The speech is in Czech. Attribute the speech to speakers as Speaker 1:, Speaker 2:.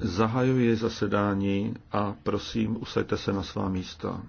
Speaker 1: Zahajuji zasedání a prosím, usaďte se na svá místa.